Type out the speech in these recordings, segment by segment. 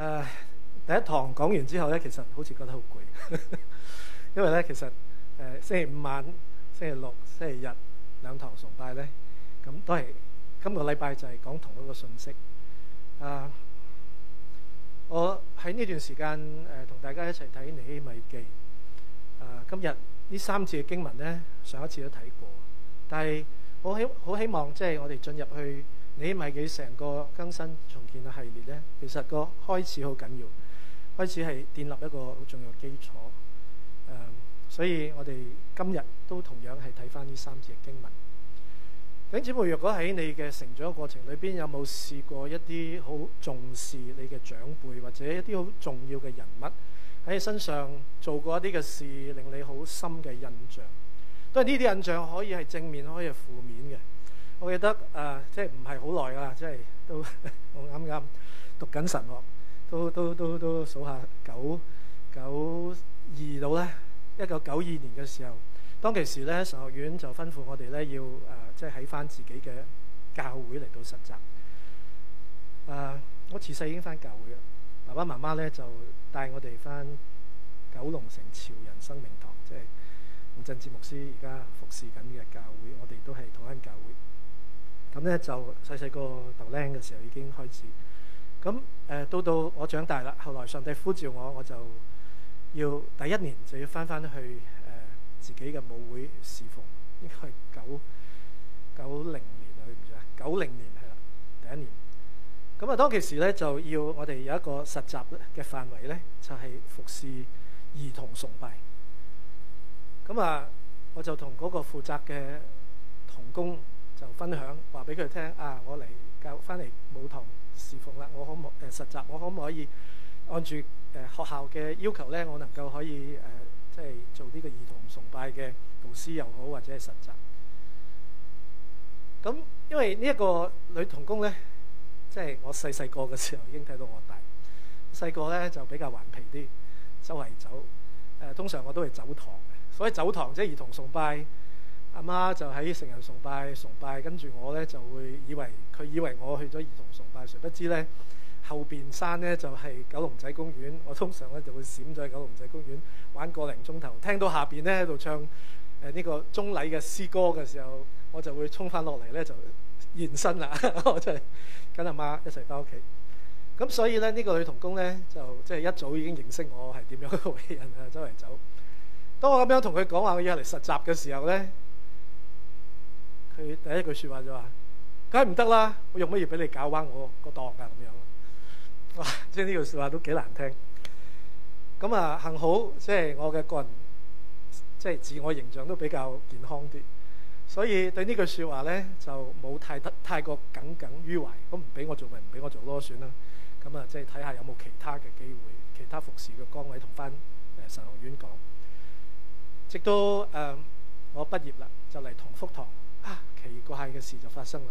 誒第一堂講完之後咧，其實好似覺得好攰，因為咧其實誒星期五晚、星期六、星期日兩堂崇拜咧，咁都係今個禮拜就係講同一個信息。啊，我喺呢段時間誒同大家一齊睇尼希米記。啊，今日呢三次嘅經文咧，上一次都睇過，但係我希好希望即係我哋進入去。你咪佢成個更新重建嘅系列呢？其實個開始好緊要，開始係建立一個好重要嘅基礎。嗯，所以我哋今日都同樣係睇翻呢三節嘅經文。弟兄姊妹，若果喺你嘅成長過程裏邊，有冇試過一啲好重視你嘅長輩或者一啲好重要嘅人物喺你身上做過一啲嘅事，令你好深嘅印象？都係呢啲印象可以係正面，可以係負面嘅。我記得誒、呃，即係唔係好耐㗎，即係都我啱啱讀緊神學，都都都都數下九九二到咧，一九九二年嘅時候，當其時咧神學院就吩咐我哋咧要、呃、即係喺翻自己嘅教會嚟到實習。誒、呃，我自細已經翻教會啦，爸爸媽媽咧就帶我哋翻九龍城潮人生命堂，即係吳振節牧師而家服侍緊嘅教會，我哋都係同間教會。咁咧就細細個讀靚嘅時候，已經開始，咁、呃、到到我長大啦。後來上帝呼召我，我就要第一年就要翻翻去、呃、自己嘅母會侍奉，應該係九九零年啊，記唔住九零年係啦，第一年。咁啊，當其時咧就要我哋有一個實習嘅範圍咧，就係、是、服侍兒童崇拜。咁啊，我就同嗰個負責嘅童工。就分享話俾佢聽啊！我嚟教翻嚟舞堂侍奉啦，我可唔可誒實習？我可唔可以按住誒、呃、學校嘅要求咧？我能夠可以誒即係做呢個兒童崇拜嘅導師又好，或者係實習。咁因為呢一個女童工咧，即係我細細個嘅時候已經睇到我大細個咧就比較頑皮啲，周圍走誒、呃，通常我都係走堂嘅，所以走堂即係兒童崇拜。阿媽就喺成人崇拜崇拜，跟住我咧就會以為佢以為我去咗兒童崇拜，誰不知咧後邊山咧就係九龍仔公園。我通常咧就會閃咗喺九龍仔公園玩個零鐘頭，聽到下邊咧喺度唱誒呢個鐘禮嘅詩歌嘅時候，我就會衝翻落嚟咧就現身啦！我真係跟阿媽一齊翻屋企咁，所以咧呢、這個女童工咧就即係、就是、一早已經認識我係點樣嘅為人啊，周圍走。當我咁樣同佢講話，我依嚟實習嘅時候咧。佢第一句説話就話：梗係唔得啦！我用乜嘢俾你搞彎我個檔㗎、啊、咁樣。哇！即係呢句説話都幾難聽。咁啊，幸好即係、就是、我嘅個人，即、就、係、是、自我形象都比較健康啲，所以對這句呢句説話咧就冇太得太過耿耿於懷。咁唔俾我做咪唔俾我做囉，算啦。咁啊，即係睇下有冇其他嘅機會，其他服侍嘅崗位同翻神學院講，直到誒、呃、我畢業啦，就嚟同福堂。奇怪嘅事就發生啦。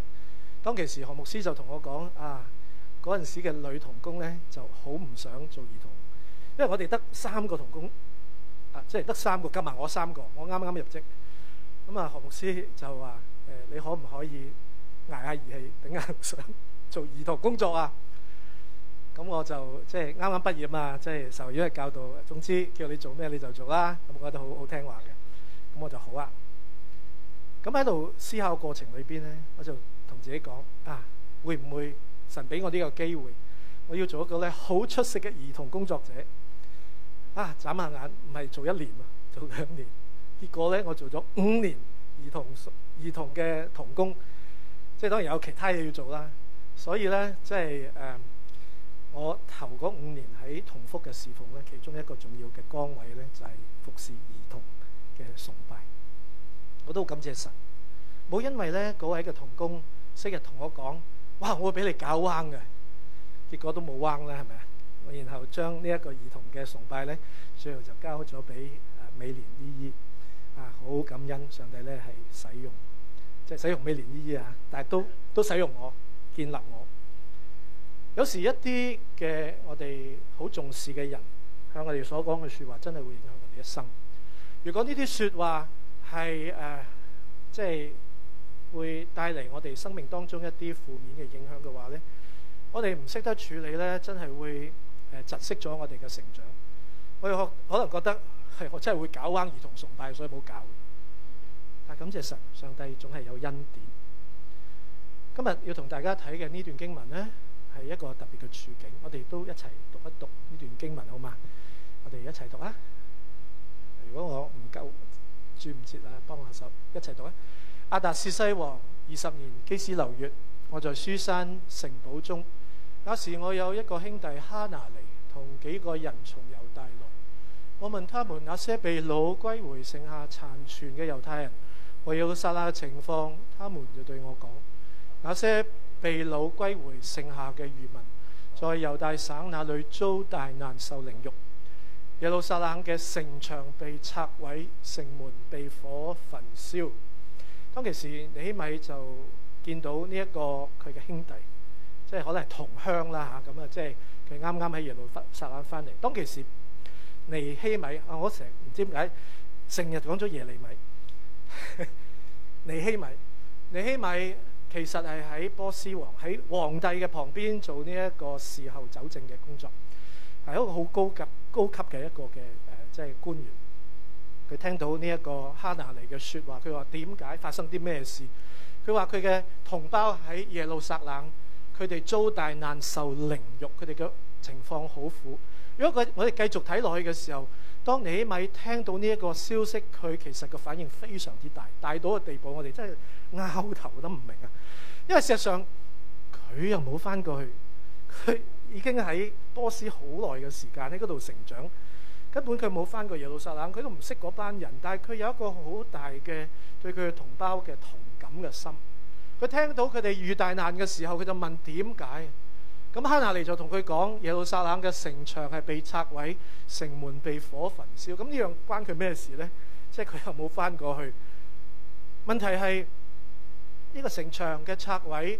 當其時，何牧師就同我講：啊，嗰陣時嘅女童工咧，就好唔想做兒童，因為我哋得三個童工，啊，即係得三個加埋我三個，我啱啱入職。咁啊，何牧師就話：誒、欸，你可唔可以捱下義氣，頂硬上做兒童工作啊？咁我就即係啱啱畢業嘛，即係受咗一啲教導。總之，叫你做咩你就做啦。咁我覺得好好聽話嘅，咁我就好啊。咁喺度思考過程裏邊咧，我就同自己講：啊，會唔會神俾我呢個機會？我要做一個咧好出色嘅兒童工作者。啊！眨下眼唔係做一年啊，做兩年。結果咧，我做咗五年兒童兒童嘅童工，即係當然有其他嘢要做啦。所以咧，即係誒、嗯，我頭嗰五年喺同福嘅侍奉咧，其中一個重要嘅崗位咧，就係、是、服侍兒童嘅崇拜。我都感謝神，冇因為咧嗰位嘅童工昔日同我講：哇，我會俾你搞彎嘅，結果都冇彎啦，係咪啊？然後將呢一個兒童嘅崇拜咧，最後就交咗俾美蓮姨姨啊，好感恩上帝咧係使用，即係使用美蓮姨姨啊，但係都都使用我，建立我。有時一啲嘅我哋好重視嘅人向我哋所講嘅説話，真係會影響我哋一生。如果呢啲説話，係誒、呃，即係會帶嚟我哋生命當中一啲負面嘅影響嘅話咧，我哋唔識得處理咧，真係會誒窒息咗我哋嘅成長。我哋可可能覺得係我真係會搞彎兒童崇拜，所以冇搞。但係感謝神，上帝總係有恩典。今日要同大家睇嘅呢段經文咧，係一個特別嘅處境。我哋都一齊讀一讀呢段經文，好嘛？我哋一齊讀啊！如果我唔夠。轉唔切啊？幫下手一齊讀啊！亞達士西王二十年，基斯流月，我在書山城堡中。那時我有一個兄弟哈拿尼，同幾個人從猶大來。我問他們那些被擄歸回剩下殘存嘅猶太人，圍有殺拉情況，他們就對我講：那些被擄歸回剩下嘅餘民，在猶大省那裏遭大難受凌辱。耶路撒冷嘅城牆被拆毀，城門被火焚燒。當其時，尼希米就見到呢一個佢嘅兄弟，即係可能係同鄉啦嚇，咁啊，即係佢啱啱喺耶路撒冷翻嚟。當其時，尼希米，我成日唔知點解成日講咗耶利米， 尼希米，尼希米其實係喺波斯王喺皇帝嘅旁邊做呢一個侍候酒政嘅工作，係一個好高級。高級嘅一個嘅誒，即係官員，佢聽到呢一個哈拿尼嘅説話，佢話點解發生啲咩事？佢話佢嘅同胞喺耶路撒冷，佢哋遭大難受凌辱，佢哋嘅情況好苦。如果佢我哋繼續睇落去嘅時候，當尼希米聽到呢一個消息，佢其實個反應非常之大，大到個地步，我哋真係拗頭都唔明啊！因為事實上佢又冇返過去，佢。已經喺波斯好耐嘅時間喺嗰度成長，根本佢冇返過耶路撒冷，佢都唔識嗰班人。但係佢有一個好大嘅對佢嘅同胞嘅同感嘅心。佢聽到佢哋遇大難嘅時候，佢就問點解？咁哈拿尼就同佢講：耶路撒冷嘅城牆係被拆毀，城門被火焚燒。咁呢樣關佢咩事呢？即係佢又冇返過去。問題係，呢個城牆嘅拆毀。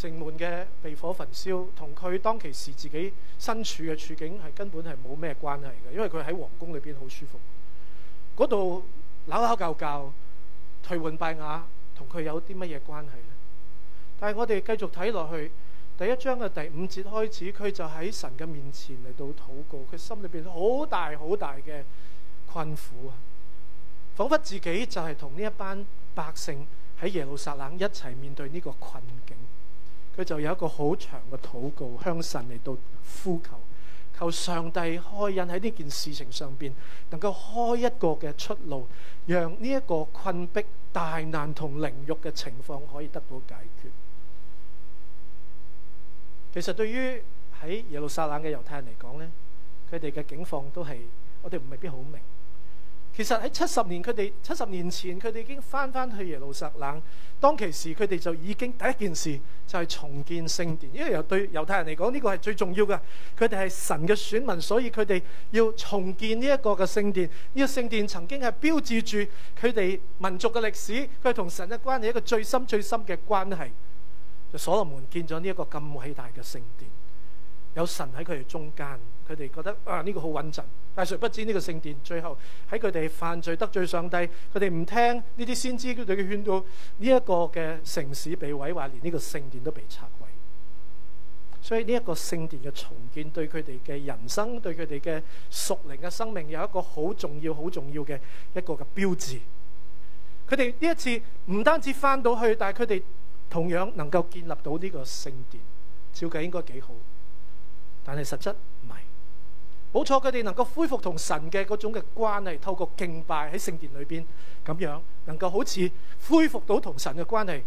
城門嘅被火焚燒，同佢當其時自己身處嘅處境係根本係冇咩關係嘅。因為佢喺皇宮裏邊好舒服，嗰度鬧鬧教教，退換拜雅，同佢有啲乜嘢關係呢？但係我哋繼續睇落去，第一章嘅第五節開始，佢就喺神嘅面前嚟到禱告，佢心裏邊好大好大嘅困苦啊，仿佛自己就係同呢一班百姓喺耶路撒冷一齊面對呢個困境。佢就有一個好長嘅禱告，向神嚟到呼求，求上帝開印喺呢件事情上邊，能夠開一個嘅出路，讓呢一個困迫、大難同凌辱嘅情況可以得到解決。其實對於喺耶路撒冷嘅猶太人嚟講呢，佢哋嘅境況都係我哋未必好明白。其實喺七十年，佢哋七十年前佢哋已經翻翻去耶路撒冷。當其時，佢哋就已經第一件事就係重建聖殿，因為由對猶太人嚟講呢個係最重要嘅。佢哋係神嘅選民，所以佢哋要重建呢一個嘅聖殿。呢個聖殿曾經係標誌住佢哋民族嘅歷史，佢係同神嘅關係一個最深最深嘅關係。就所羅門建咗呢一個咁偉大嘅聖殿。有神喺佢哋中間，佢哋覺得啊，呢個好穩陣，但係誰不知呢個聖殿最後喺佢哋犯罪得罪上帝，佢哋唔聽呢啲先知佢哋嘅勸告，呢一個嘅城市被毀壞，連呢個聖殿都被拆毀，所以呢一個聖殿嘅重建對佢哋嘅人生，對佢哋嘅屬靈嘅生命，有一個好重要、好重要嘅一個嘅標誌，佢哋呢一次唔單止翻到去，但係佢哋同樣能夠建立到呢個聖殿，照計應該幾好。但係實質唔係，冇錯，佢哋能夠恢復同神嘅嗰種嘅關係，透過敬拜喺聖殿裏邊咁樣，能夠好似恢復到同神嘅關係。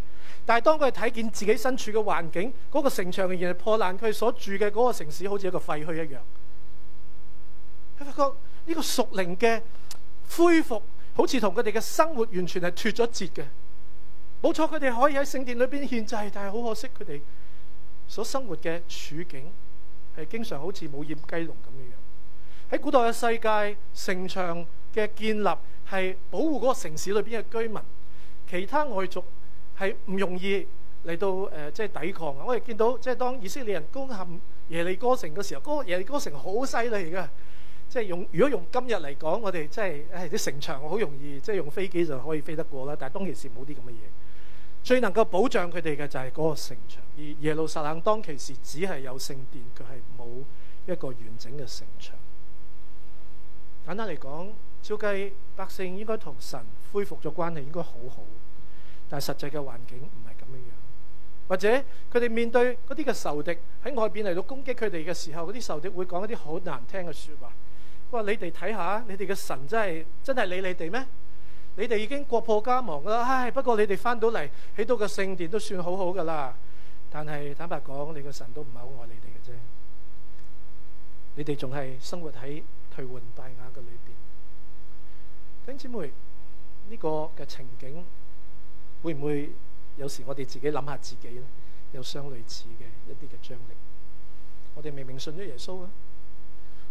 但係當佢哋睇見自己身處嘅環境，嗰個城牆仍然係破爛，佢哋所住嘅嗰個城市好似一個廢墟一樣，佢發覺呢個屬靈嘅恢復好似同佢哋嘅生活完全係脫咗節嘅。冇錯，佢哋可以喺聖殿裏邊獻祭，但係好可惜，佢哋所生活嘅處境。係經常好似冇掩雞籠咁樣樣，喺古代嘅世界，城牆嘅建立係保護嗰個城市裏邊嘅居民，其他外族係唔容易嚟到誒，即、呃、係、就是、抵抗的。我哋見到即係、就是、當以色列人攻陷耶利哥城嘅時候，嗰、那個耶利哥城好犀利嘅，即、就、係、是、用如果用今日嚟講，我哋即係誒，啲城牆好容易即係、就是、用飛機就可以飛得過啦。但係當其時冇啲咁嘅嘢。最能夠保障佢哋嘅就係嗰個城牆，而耶路撒冷當其時只係有聖殿，佢係冇一個完整嘅城牆。簡單嚟講，照計百姓應該同神恢復咗關係，應該好好，但係實際嘅環境唔係咁樣樣。或者佢哋面對嗰啲嘅仇敵喺外邊嚟到攻擊佢哋嘅時候，嗰啲仇敵會講一啲好難聽嘅説話。哇，你哋睇下，你哋嘅神真係真係理你哋咩？你哋已經國破家亡啦，唉！不過你哋翻到嚟起到個聖殿都算好好噶啦。但係坦白講，你個神都唔係好愛你哋嘅啫。你哋仲係生活喺頹垣敗瓦嘅裏面。弟兄姊妹呢、這個嘅情景會唔會有時我哋自己諗下自己咧，有相類似嘅一啲嘅張力？我哋明明信咗耶穌啊，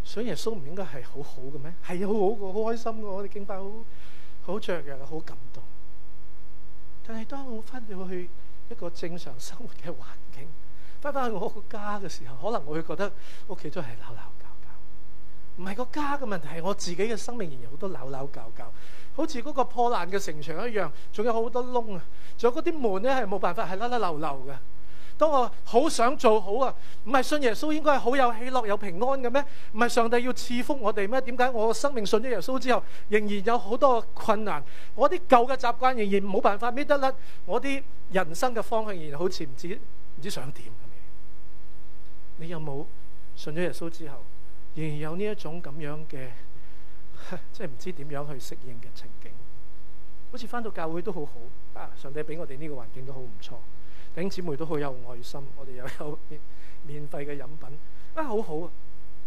想耶穌唔應該係好好嘅咩？係好好個，好開心個，我哋敬拜好。好雀躍，好感動。但係當我翻到去一個正常生活嘅環境，翻返去我個家嘅時候，可能我會覺得屋企都係扭扭交交，唔係個家嘅問題，係我自己嘅生命仍然好多扭扭交交，好似嗰個破爛嘅城牆一樣，仲有好多窿啊，仲有嗰啲門咧係冇辦法係甩甩漏漏嘅。當我好想做好啊，唔係信耶穌應該係好有喜樂、有平安嘅咩？唔係上帝要賜福我哋咩？點解我生命信咗耶穌之後，仍然有好多困難？我啲舊嘅習慣仍然冇辦法搣得甩，我啲人生嘅方向仍然好似唔知唔知想點咁嘅？你有冇信咗耶穌之後，仍然有呢一種咁樣嘅，即係唔知點樣去適應嘅情景？好似翻到教會都好好啊，上帝俾我哋呢個環境都好唔錯。頂姊妹都好有愛心，我哋又有免免費嘅飲品，啊好好啊！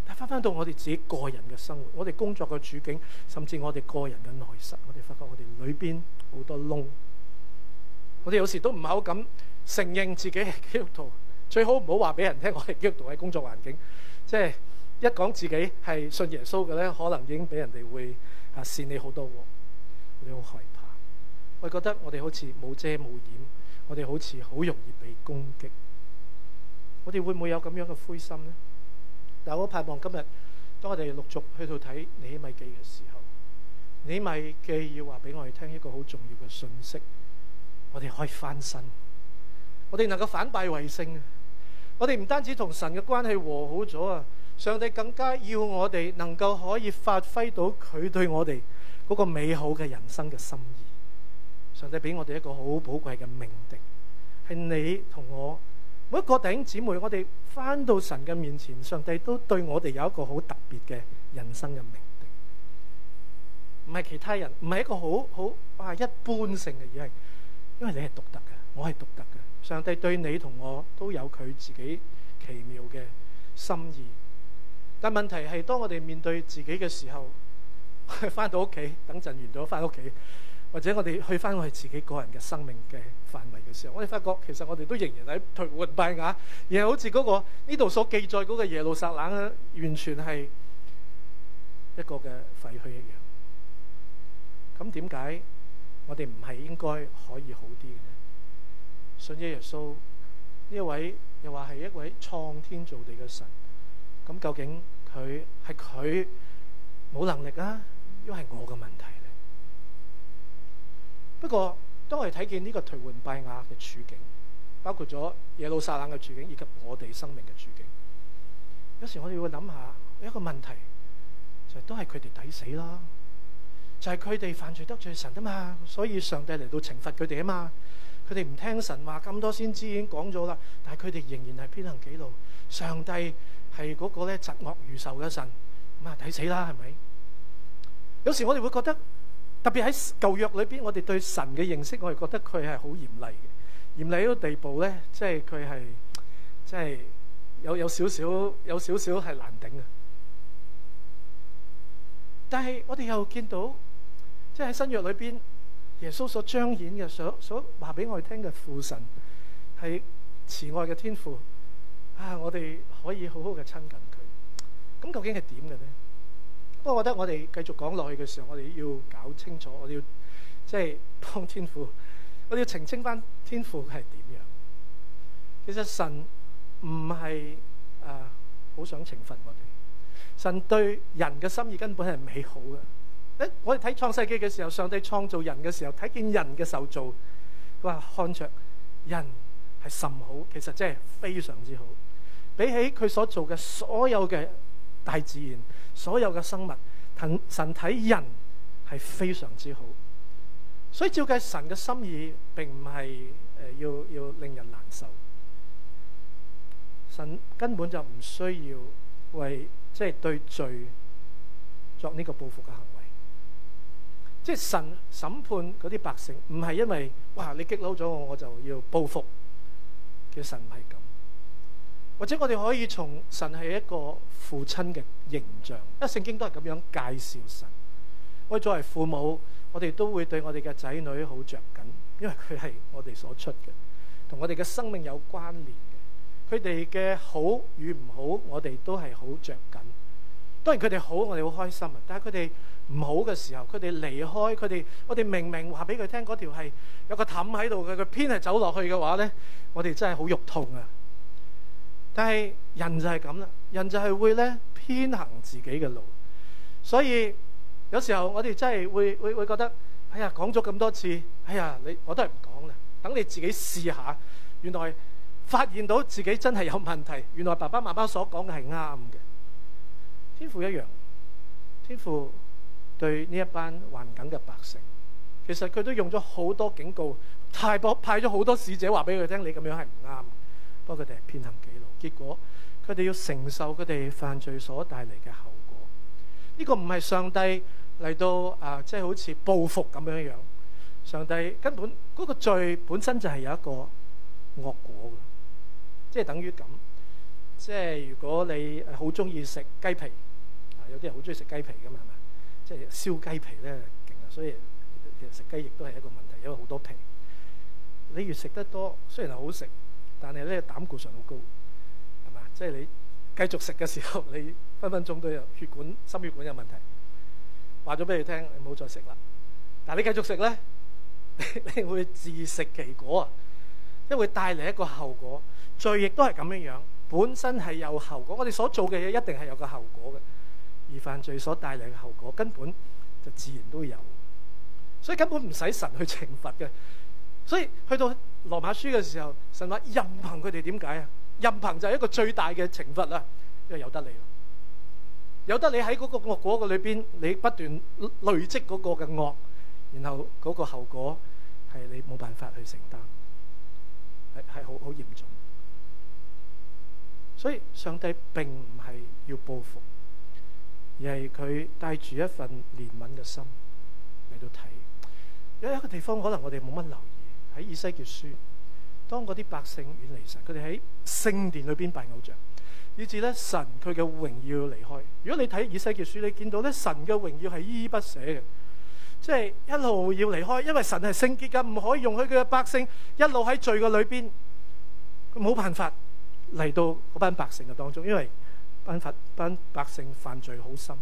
但係翻翻到我哋自己個人嘅生活，我哋工作嘅處境，甚至我哋個人嘅內室，我哋發覺我哋裏邊好多窿，我哋有時都唔係好敢承認自己係基督徒，最好唔好話俾人聽我係基督徒喺工作環境，即係一講自己係信耶穌嘅咧，可能已經俾人哋會啊蝕你好多喎，我哋好害怕，我覺得我哋好似冇遮冇掩。沒我哋好似好容易被攻擊，我哋會唔會有咁樣嘅灰心呢？但我盼望今日，當我哋陸續去到睇尼希米記嘅時候，尼希米記要話俾我哋聽一個好重要嘅信息：我哋可以翻身，我哋能夠反敗為勝。我哋唔單止同神嘅關係和好咗啊，上帝更加要我哋能夠可以發揮到佢對我哋嗰個美好嘅人生嘅心意。上帝俾我哋一個好寶貴嘅命定係你同我每一個弟兄姊妹，我哋翻到神嘅面前，上帝都對我哋有一個好特別嘅人生嘅命定，唔係其他人，唔係一個好好啊，一般性嘅，嘢，係因為你係獨特嘅，我係獨特嘅，上帝對你同我都有佢自己奇妙嘅心意。但問題係，當我哋面對自己嘅時候，翻到屋企等陣完咗，翻屋企。或者我哋去翻我哋自己個人嘅生命嘅範圍嘅時候，我哋發覺其實我哋都仍然喺頹垣敗瓦，而係好似嗰個呢度所記載嗰個耶路撒冷咧，完全係一個嘅廢墟一樣。咁點解我哋唔係應該可以好啲嘅呢？信耶穌呢一位又話係一位創天造地嘅神，咁究竟佢係佢冇能力啊，因為係我嘅問題？不過，當我哋睇見呢個頹垣敗瓦嘅處境，包括咗耶路撒冷嘅處境，以及我哋生命嘅處境，有時我哋會諗下一個問題，就係都係佢哋抵死啦，就係佢哋犯罪得罪神啊嘛，所以上帝嚟到懲罰佢哋啊嘛，佢哋唔聽神話咁多先知已經講咗啦，但係佢哋仍然係偏行己路，上帝係嗰個咧疾惡如仇嘅神，咁啊抵死啦係咪？有時我哋會覺得。特別喺舊約裏邊，我哋對神嘅認識，我哋覺得佢係好嚴厲嘅，嚴厲嘅地步咧，即係佢係，即係有有少少有少少係難頂嘅。但係我哋又見到，即係喺新約裏邊，耶穌所彰顯嘅、所所話俾我哋聽嘅父神，係慈愛嘅天父，啊，我哋可以好好嘅親近佢。咁究竟係點嘅咧？不過，我覺得我哋繼續講落去嘅時候，我哋要搞清楚，我哋要即係當天父，我哋要澄清翻天父係點樣。其實神唔係誒好想懲罰我哋，神對人嘅心意根本係美好嘅。我哋睇創世記嘅時候，上帝創造人嘅時候，睇見人嘅受造，佢話看着人係甚好，其實即係非常之好，比起佢所做嘅所有嘅大自然。所有嘅生物，神神睇人係非常之好，所以照計神嘅心意並不是，並唔係誒要要令人難受。神根本就唔需要為即係對罪作呢個報復嘅行為，即係神審判啲百姓，唔係因為哇你激嬲咗我，我就要報復嘅，神唔係。或者我哋可以從神係一個父親嘅形象，因為聖經都係咁樣介紹神。我作為父母，我哋都會對我哋嘅仔女好著緊，因為佢係我哋所出嘅，同我哋嘅生命有關聯嘅。佢哋嘅好與唔好，我哋都係好著緊。當然佢哋好，我哋好開心啊。但係佢哋唔好嘅時候，佢哋離開，佢哋我哋明明話俾佢聽嗰條係有個氹喺度嘅，佢偏係走落去嘅話咧，我哋真係好肉痛啊！但係人就係咁啦，人就係會咧偏行自己嘅路，所以有時候我哋真係會會會覺得哎呀講咗咁多次，哎呀你我都係唔講啦，等你自己試下，原來發現到自己真係有問題，原來爸爸媽媽所講嘅係啱嘅。天父一樣，天父對呢一班患梗嘅百姓，其實佢都用咗好多警告，太博派咗好多使者話俾佢聽，你咁樣係唔啱。不過佢哋係偏行己路。結果，佢哋要承受佢哋犯罪所帶嚟嘅後果。呢個唔係上帝嚟到啊，即係好似報復咁樣樣。上帝根本嗰個罪本身就係有一個惡果嘅，即係等於咁。即係如果你好中意食雞皮啊，有啲人好中意食雞皮嘅嘛，係咪？即係燒雞皮咧，勁啊！所以其實食雞翼都係一個問題，因為好多皮。你越食得多，雖然係好食，但係咧膽固醇好高。即係你繼續食嘅時候，你分分鐘都有血管、心血管有問題。話咗俾你聽，你唔好再食啦。但係你繼續食咧，你會自食其果啊！即係會帶嚟一個後果，罪亦都係咁樣樣。本身係有後果，我哋所做嘅嘢一定係有個後果嘅。而犯罪所帶嚟嘅後果，根本就自然都有。所以根本唔使神去懲罰嘅。所以去到羅馬書嘅時候，神話任憑佢哋點解啊？任憑就係一個最大嘅懲罰啦，因為有得你啦，有得你喺嗰個惡果嘅裏邊，你不斷累積嗰個嘅惡，然後嗰個後果係你冇辦法去承擔，係係好好嚴重。所以上帝並唔係要報復，而係佢帶住一份憐憫嘅心嚟到睇。有一個地方可能我哋冇乜留意，喺以西結書。當嗰啲百姓遠離神，佢哋喺聖殿裏邊拜偶像，以至咧神佢嘅榮耀要離開。如果你睇以西結書，你見到咧神嘅榮耀係依依不捨嘅，即係一路要離開，因為神係聖潔嘅，唔可以容許佢嘅百姓一路喺罪嘅裏邊。冇辦法嚟到嗰班百姓嘅當中，因為班佛班百姓犯罪好深。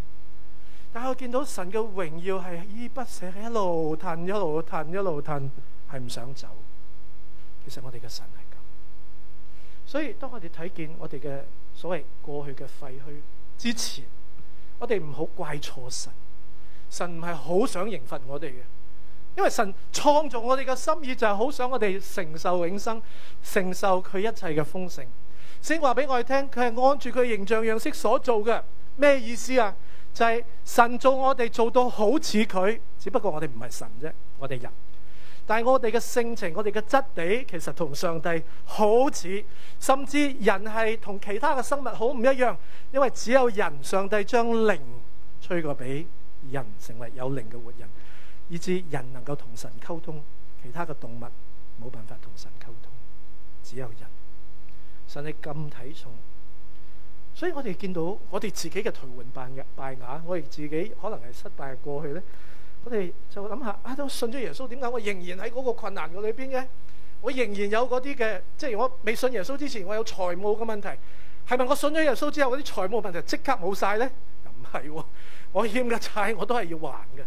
但係我見到神嘅榮耀係依依不捨，喺一路褪，一路褪，一路褪，係唔想走。其實我哋嘅神係咁，所以當我哋睇見我哋嘅所謂過去嘅廢墟之前，我哋唔好怪錯神，神唔係好想刑罰我哋嘅，因為神創造我哋嘅心意就係好想我哋承受永生，承受佢一切嘅豐盛。先話俾我哋聽，佢係按住佢形象樣式所做嘅，咩意思啊？就係神做我哋做到好似佢，只不過我哋唔係神啫，我哋人。但係我哋嘅性情，我哋嘅質地，其實同上帝好似，甚至人係同其他嘅生物好唔一樣，因為只有人，上帝將靈吹過俾人，成為有靈嘅活人，以至人能夠同神溝通，其他嘅動物冇辦法同神溝通，只有人，神係咁睇重，所以我哋見到我哋自己嘅頹垣敗瓦，我哋自己可能係失敗過去呢。我哋就諗下，啊我都信咗耶穌，點解我仍然喺嗰個困難嘅裏邊嘅？我仍然有嗰啲嘅，即係我未信耶穌之前，我有財務嘅問題，係咪我信咗耶穌之後，嗰啲財務問題即刻冇晒咧？又唔係，我欠嘅債我都係要還嘅，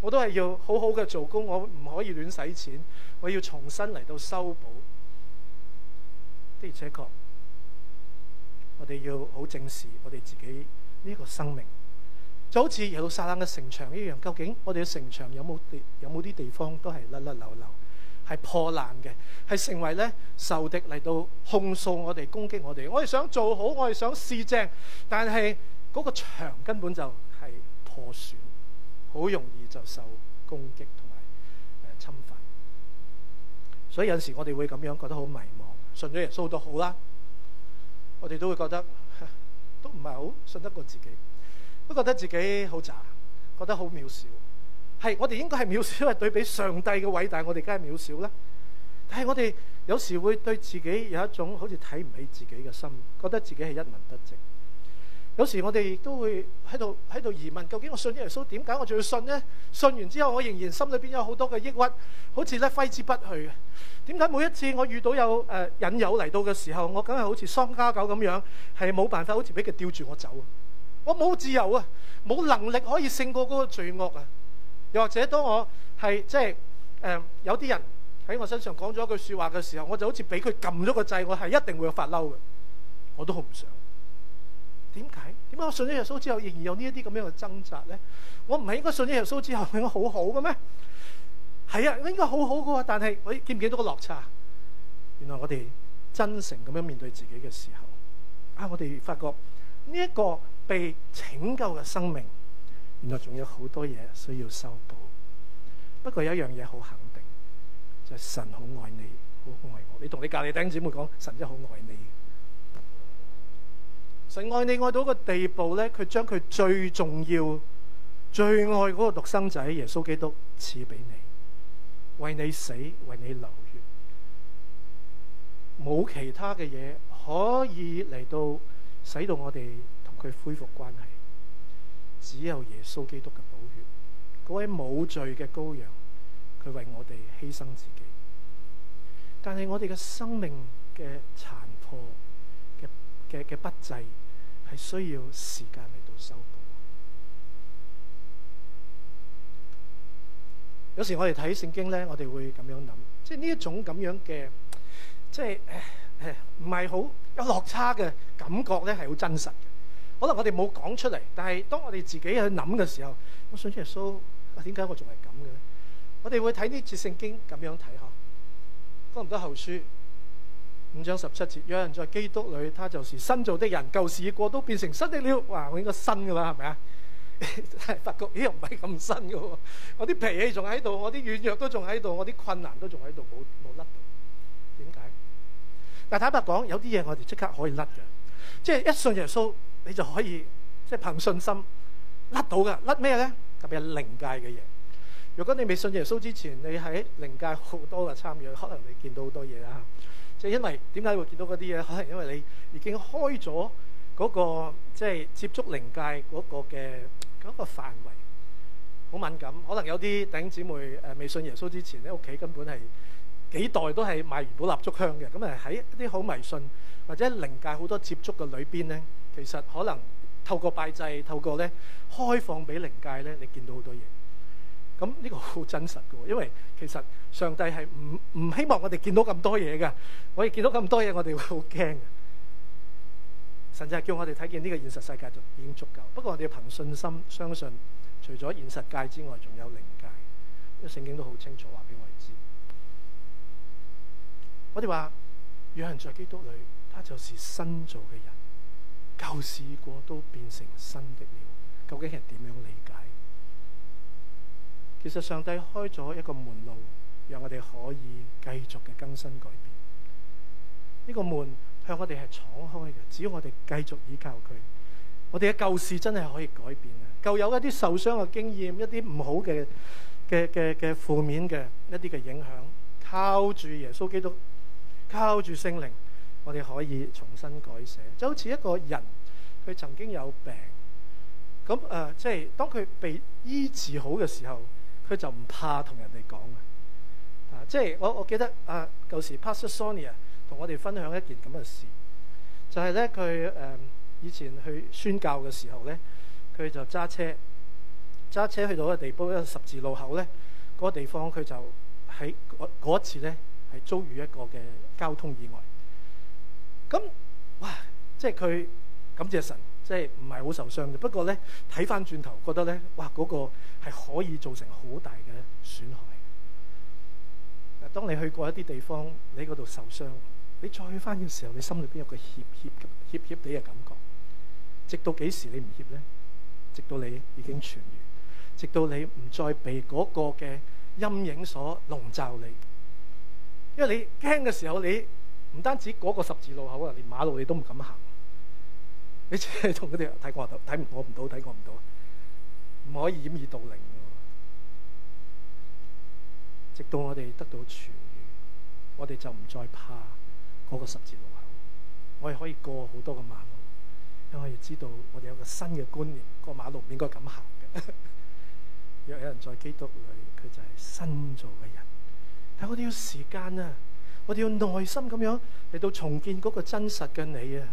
我都係要好好嘅做工，我唔可以亂使錢，我要重新嚟到修補。的而且確，我哋要好正視我哋自己呢個生命。就好似耶路撒冷嘅城牆一樣，究竟我哋嘅城牆有冇地有冇啲地方都係甩甩流流，係破爛嘅，係成為咧受敵嚟到控訴我哋、攻擊我哋。我哋想做好，我哋想試正，但係嗰個牆根本就係破損，好容易就受攻擊同埋誒侵犯。所以有陣時我哋會咁樣覺得好迷茫。信咗耶穌都好啦，我哋都會覺得都唔係好信得過自己。都覺得自己好渣，覺得好渺小。係我哋應該係渺小，係對比上帝嘅偉大，我哋梗係渺小啦。但係我哋有時會對自己有一種好似睇唔起自己嘅心，覺得自己係一文不值。有時我哋亦都會喺度喺度疑問：究竟我信耶穌，點解我仲要信呢？信完之後我仍然心裏邊有好多嘅抑鬱，好似咧揮之不去嘅。點解每一次我遇到有誒引誘嚟到嘅時候，我梗係好似喪家狗咁樣，係冇辦法好似俾佢吊住我走啊？我冇自由啊，冇能力可以勝過嗰個罪惡啊。又或者，當我係即係誒，有啲人喺我身上講咗一句說話嘅時候，我就好似俾佢撳咗個掣，我係一定會有發嬲嘅。我都好唔想。點解？點解我信咗耶穌之後，仍然有呢一啲咁樣嘅掙扎咧？我唔係應該信咗耶穌之後，應該好好嘅咩？係啊，應該好好噶，但係我見唔見到個落差？原來我哋真誠咁樣面對自己嘅時候啊，我哋發覺呢一個。被拯救嘅生命，原來仲有好多嘢需要修補。不過有一樣嘢好肯定，就係、是、神好愛你，好愛我。你同你隔離弟兄姊妹講，神真係好愛你的。神愛你愛到個地步咧，佢將佢最重要、最愛嗰個獨生仔耶穌基督賜俾你，為你死，為你流血，冇其他嘅嘢可以嚟到使到我哋。佢恢復關係，只有耶穌基督嘅寶血，嗰位冇罪嘅羔羊，佢為我哋犧牲自己。但係我哋嘅生命嘅殘破嘅嘅嘅不濟係需要時間嚟到修補。有時我哋睇聖經咧，我哋會咁樣諗，即係呢一種咁樣嘅，即係誒誒唔係好有落差嘅感覺咧，係好真實嘅。可能我哋冇講出嚟，但係當我哋自己去諗嘅時候，我信耶穌啊，點解我仲係咁嘅咧？我哋會睇呢節聖經咁樣睇下。哥林多後書五章十七節，有人在基督裏，他就是新造的人，舊事已過都變成新的了。哇！我應該新噶啦，係咪啊？ 但係發覺呢又唔係咁新噶喎。我啲脾氣仲喺度，我啲軟弱都仲喺度，我啲困難都仲喺度，冇冇甩到點解？但坦白講，有啲嘢我哋即刻可以甩嘅，即係一信耶穌。你就可以即係憑信心甩到㗎，甩咩咧？特別係靈界嘅嘢。如果你未信耶穌之前，你喺靈界好多嘅參與，可能你見到好多嘢啦。即係因為點解會見到嗰啲嘢？可能因為你已經開咗嗰個即係接觸靈界嗰個嘅嗰個範圍好敏感。可能有啲弟兄姊妹誒未信耶穌之前咧，你屋企根本係幾代都係賣元寶蠟燭香嘅咁啊，喺啲好迷信或者靈界好多接觸嘅裏邊咧。其實可能透過拜祭，透過咧開放俾靈界咧，你見到好多嘢。咁呢個好真實嘅，因為其實上帝係唔唔希望我哋見到咁多嘢嘅。我哋見到咁多嘢，我哋會好驚嘅。甚至係叫我哋睇見呢個現實世界就已經足夠。不過我哋要憑信心相信，除咗現實界之外，仲有靈界。因為聖經都好清楚話俾我哋知。我哋話，有人在基督裏，他就是新造嘅人。舊事過都變成新的了，究竟係點樣理解？其實上帝開咗一個門路，讓我哋可以繼續嘅更新改變。呢、這個門向我哋係敞開嘅，只要我哋繼續依靠佢，我哋嘅舊事真係可以改變嘅。舊有一啲受傷嘅經驗，一啲唔好嘅嘅嘅嘅負面嘅一啲嘅影響，靠住耶穌基督，靠住聖靈。我哋可以重新改寫，就好似一個人，佢曾經有病咁誒、呃，即係當佢被醫治好嘅時候，佢就唔怕同人哋講啊。即係我我記得啊，舊時 Pastor Sonia 同我哋分享一件咁嘅事，就係咧佢誒以前去宣教嘅時候咧，佢就揸車揸車去到一個地步，一個十字路口咧，嗰、那個地方佢就喺嗰一次咧係遭遇一個嘅交通意外。咁，哇！即係佢感謝神，即係唔係好受傷嘅。不過咧，睇翻轉頭覺得咧，哇！嗰個係可以造成好大嘅損害。當你去過一啲地方，你嗰度受傷，你再去翻嘅時候，你心裏邊有個怯怯、怯怯哋嘅感覺。直到幾時你唔怯咧？直到你已經痊癒，直到你唔再被嗰個嘅陰影所籠罩你。因為你驚嘅時候，你唔單止嗰個十字路口啊，連馬路你都唔敢行。你同佢哋睇過睇唔過唔到，睇過唔到，唔可以掩耳盜鈴。直到我哋得到痊癒，我哋就唔再怕嗰個十字路口。我哋可以過好多個馬路，因為我知道我哋有個新嘅觀念：過、這個、馬路唔應該咁行嘅。 若有人在基督裏，佢就係新造嘅人。但係我哋要時間啊！我哋要耐心咁樣嚟到重建嗰個真實嘅你啊！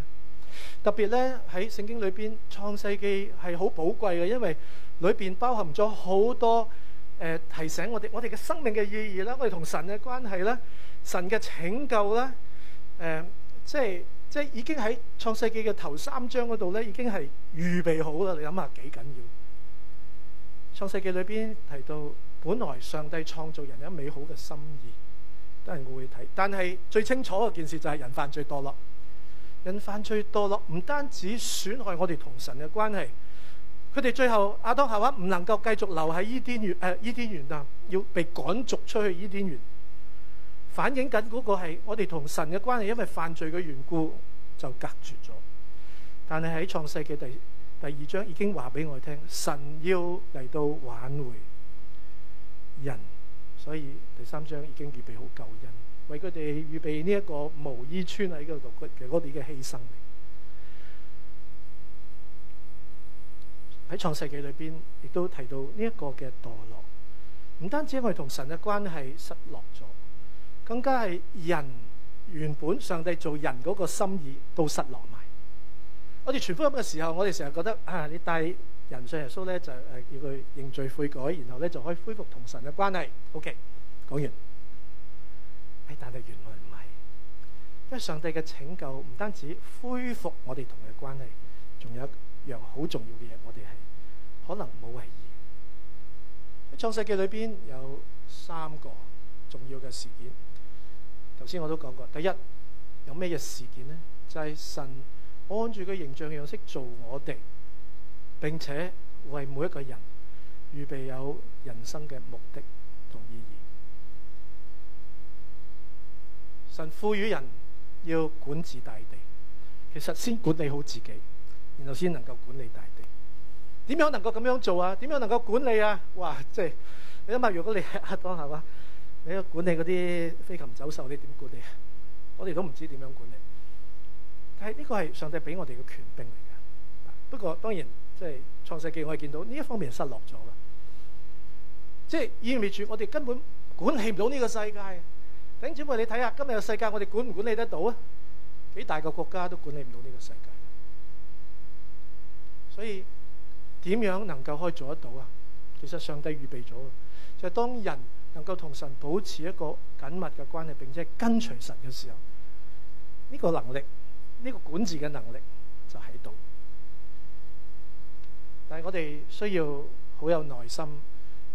特別咧喺聖經裏邊創世記係好寶貴嘅，因為裏邊包含咗好多誒、呃、提醒我哋，我哋嘅生命嘅意義啦，我哋同神嘅關係啦，神嘅拯救啦，誒、呃，即係即係已經喺創世記嘅頭三章嗰度咧，已經係預備好啦。你諗下幾緊要？創世記裏邊提到本來上帝創造人有美好嘅心意。都係我會睇，但係最清楚嘅件事就係人犯罪多咯，人犯罪多咯，唔單止損害我哋同神嘅關係，佢哋最後亞當夏娃唔能夠繼續留喺伊甸園，誒、呃、伊甸園啊，要被趕逐出去伊甸園，反映緊嗰個係我哋同神嘅關係，因為犯罪嘅緣故就隔絕咗。但係喺創世記第第二章已經話俾我聽，神要嚟到挽回人。所以第三章已經預備好救恩，為佢哋預備呢一個毛衣穿喺嗰度度嘅，其實我犧牲嚟。喺創世紀裏邊，亦都提到呢一個嘅墮落，唔單止我哋同神嘅關係失落咗，更加係人原本上帝做人嗰個心意都失落埋。我哋傳福音嘅時候，我哋成日覺得啊，你帶人信耶穌咧，就誒要佢認罪悔改，然後咧就可以恢復同神嘅關係。OK，講完。哎，但係原來唔係，因為上帝嘅拯救唔單止恢復我哋同佢嘅關係，仲有一樣好重要嘅嘢，我哋係可能冇為意。喺創世記裏邊有三個重要嘅事件。頭先我都講過，第一，有咩嘢事件咧？就係、是、神按住佢形象嘅樣式做我哋。並且為每一個人預備有人生嘅目的同意義。神賦予人要管治大地，其實先管理好自己，然後先能夠管理大地。點樣能夠咁樣做啊？點樣能夠管理啊？哇！即係你諗下，如果你係亞當係嘛，你去管理嗰啲飛禽走獸，你點管理啊？我哋都唔知點樣管理。但係呢個係上帝俾我哋嘅權柄嚟嘅。不過當然。即係創世記，我哋見到呢一方面失落咗啦。即係意味住我哋根本管理唔到呢個世界。頂住唔係，你睇下今日嘅世界，我哋管唔管理得到啊？幾大個國家都管理唔到呢個世界。所以點樣能夠可以做得到啊？其實上帝預備咗嘅就係、是、當人能夠同神保持一個緊密嘅關係，並且跟隨神嘅時候，呢、這個能力，呢、這個管治嘅能力就喺度。但係我哋需要好有耐心，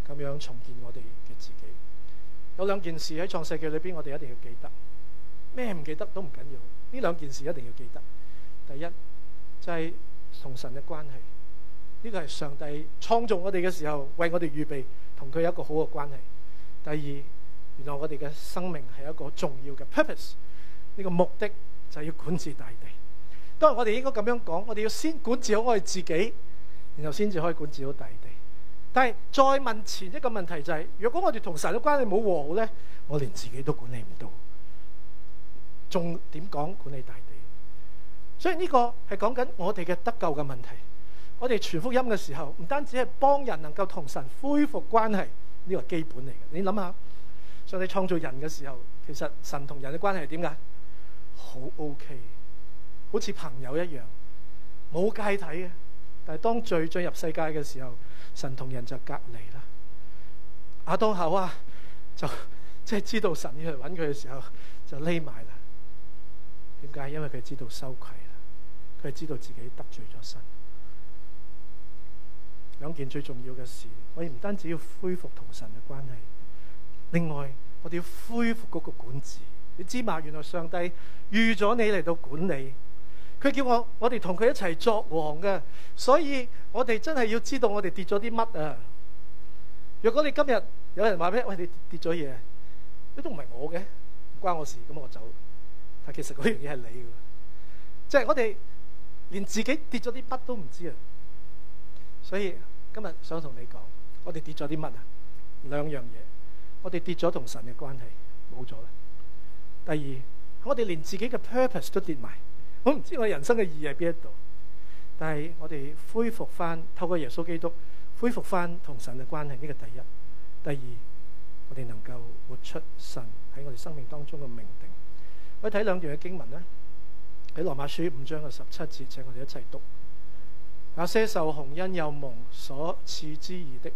咁樣重建我哋嘅自己。有兩件事喺創世記裏邊，我哋一定要記得，咩唔記得都唔緊要。呢兩件事一定要記得。第一就係同神嘅關係，呢個係上帝創造我哋嘅時候為我哋預備同佢有一個好嘅關係。第二，原來我哋嘅生命係一個重要嘅 purpose，呢個目的就係要管治大地。當然，我哋應該咁樣講，我哋要先管治好我哋自己。然後先至可以管治好大地，但係再問前一個問題就係、是，如果我哋同神嘅關係冇和好咧，我連自己都管理唔到，仲點講管理大地？所以呢個係講緊我哋嘅得救嘅問題。我哋傳福音嘅時候，唔單止係幫人能夠同神恢復關係，呢個係基本嚟嘅。你諗下，上帝創造人嘅時候，其實神同人嘅關係係點噶？好 OK，好似朋友一樣，冇界體嘅。但係當罪進入世界嘅時候，神同人就隔離啦。阿當口啊，就即係、就是、知道神要去揾佢嘅時候，就匿埋啦。點解？因為佢知道羞愧啦，佢係知道自己得罪咗神。兩件最重要嘅事，我哋唔單止要恢復同神嘅關係，另外我哋要恢復嗰個管治。你知嘛？原來上帝預咗你嚟到管理。佢叫我，我哋同佢一齊作王嘅，所以我哋真係要知道我哋跌咗啲乜啊。若果你今日有人話俾你，喂，你跌咗嘢，你都唔係我嘅，唔關我事，咁我走。但其實嗰樣嘢係你嘅，即係我哋連自己跌咗啲乜都唔知啊。所以今日想同你講，我哋跌咗啲乜啊？兩樣嘢，我哋跌咗同神嘅關係冇咗啦。第二，我哋連自己嘅 purpose 都跌埋。我唔知我人生嘅意義喺邊一度，但係我哋恢復翻，透過耶穌基督恢復翻同神嘅關係呢、呢個第一，第二我哋能夠活出神喺我哋生命當中嘅命定。我睇兩段嘅經文咧，喺羅馬書五章嘅十七節，請我哋一齊讀：那、啊、些、啊、受洪恩有蒙所賜之義的，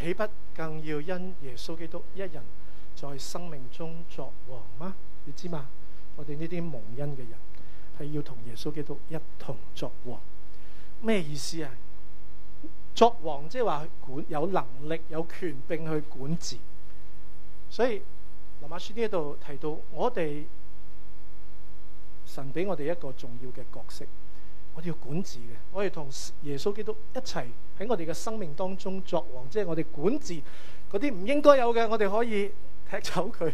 豈不更要因耶穌基督一人在生命中作王嗎？你知嘛？我哋呢啲蒙恩嘅人，係要同耶穌基督一同作王，咩意思啊？作王即係話管，有能力、有權，并去管治。所以《羅馬書》呢度提到我哋，我哋神俾我哋一個重要嘅角色，我哋要管治嘅。我哋同耶穌基督一齊喺我哋嘅生命當中作王，即係我哋管治嗰啲唔應該有嘅，我哋可以踢走佢；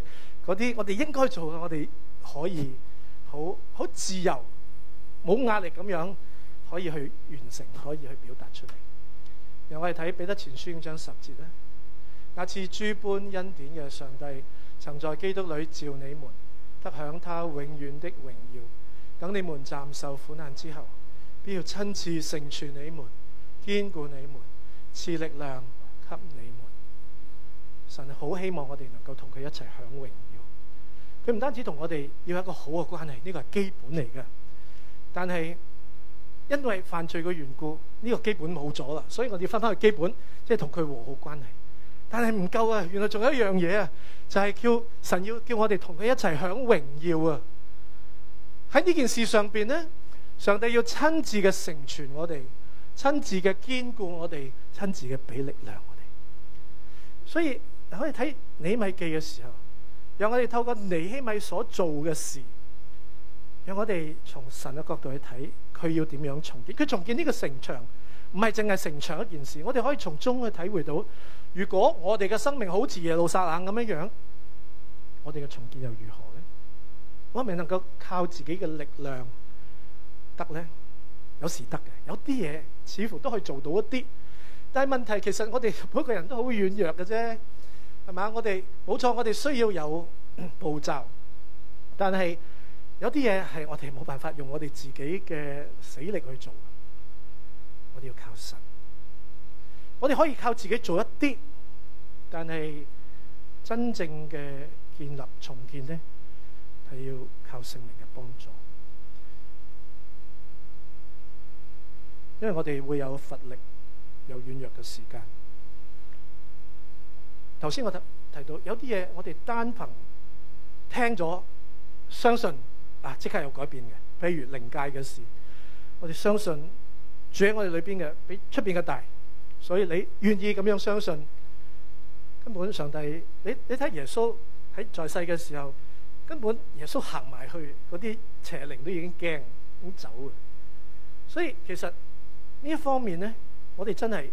嗰啲我哋應該做嘅，我哋可以。 好好自由，冇壓力咁樣可以去完成，可以去表達出嚟。讓我哋睇彼得前書嗰章十節呢，那賜諸般恩典嘅上帝，曾在基督裏召你們，得享他永遠的榮耀。等你們暫受苦難之後，必要親自成全你們，堅固你們，賜力量給你們。神好希望我哋能夠同佢一齊享榮。佢唔單止同我哋要有一個好嘅關係，呢、這個係基本嚟嘅。但係因為犯罪嘅緣故，呢、這個基本冇咗啦，所以我哋要翻翻去基本，即係同佢和好關係。但係唔夠啊！原來仲有一樣嘢啊，就係、是、叫神要叫我哋同佢一齊享榮耀啊！喺呢件事上邊咧，上帝要親自嘅成全我哋，親自嘅兼顧我哋，親自嘅俾力量我哋。所以可以睇尼希米記嘅時候。讓我哋透過尼希米所做嘅事，讓我哋從神嘅角度去睇，佢要點樣重建？佢重建呢個城牆，唔係淨係城牆一件事。我哋可以從中去體會到，如果我哋嘅生命好似耶路撒冷咁樣樣，我哋嘅重建又如何咧？我係咪能夠靠自己嘅力量得咧？有時得嘅，有啲嘢似乎都可以做到一啲，但係問題其實我哋每個人都好軟弱嘅啫。係咪？我哋冇錯，我哋需要有步驟，但係有啲嘢係我哋冇辦法用我哋自己嘅死力去做，我哋要靠神。我哋可以靠自己做一啲，但係真正嘅建立重建呢，係要靠聖靈嘅幫助，因為我哋會有乏力、有軟弱嘅時間。頭先我提提到有啲嘢，我哋單憑聽咗相信啊，即刻有改變嘅。譬如靈界嘅事，我哋相信住喺我哋裏邊嘅比出邊嘅大，所以你願意咁樣相信，根本上帝你你睇耶穌喺在世嘅時候，根本耶穌行埋去嗰啲邪靈都已經驚，已經走嘅。所以其實呢一方面咧，我哋真係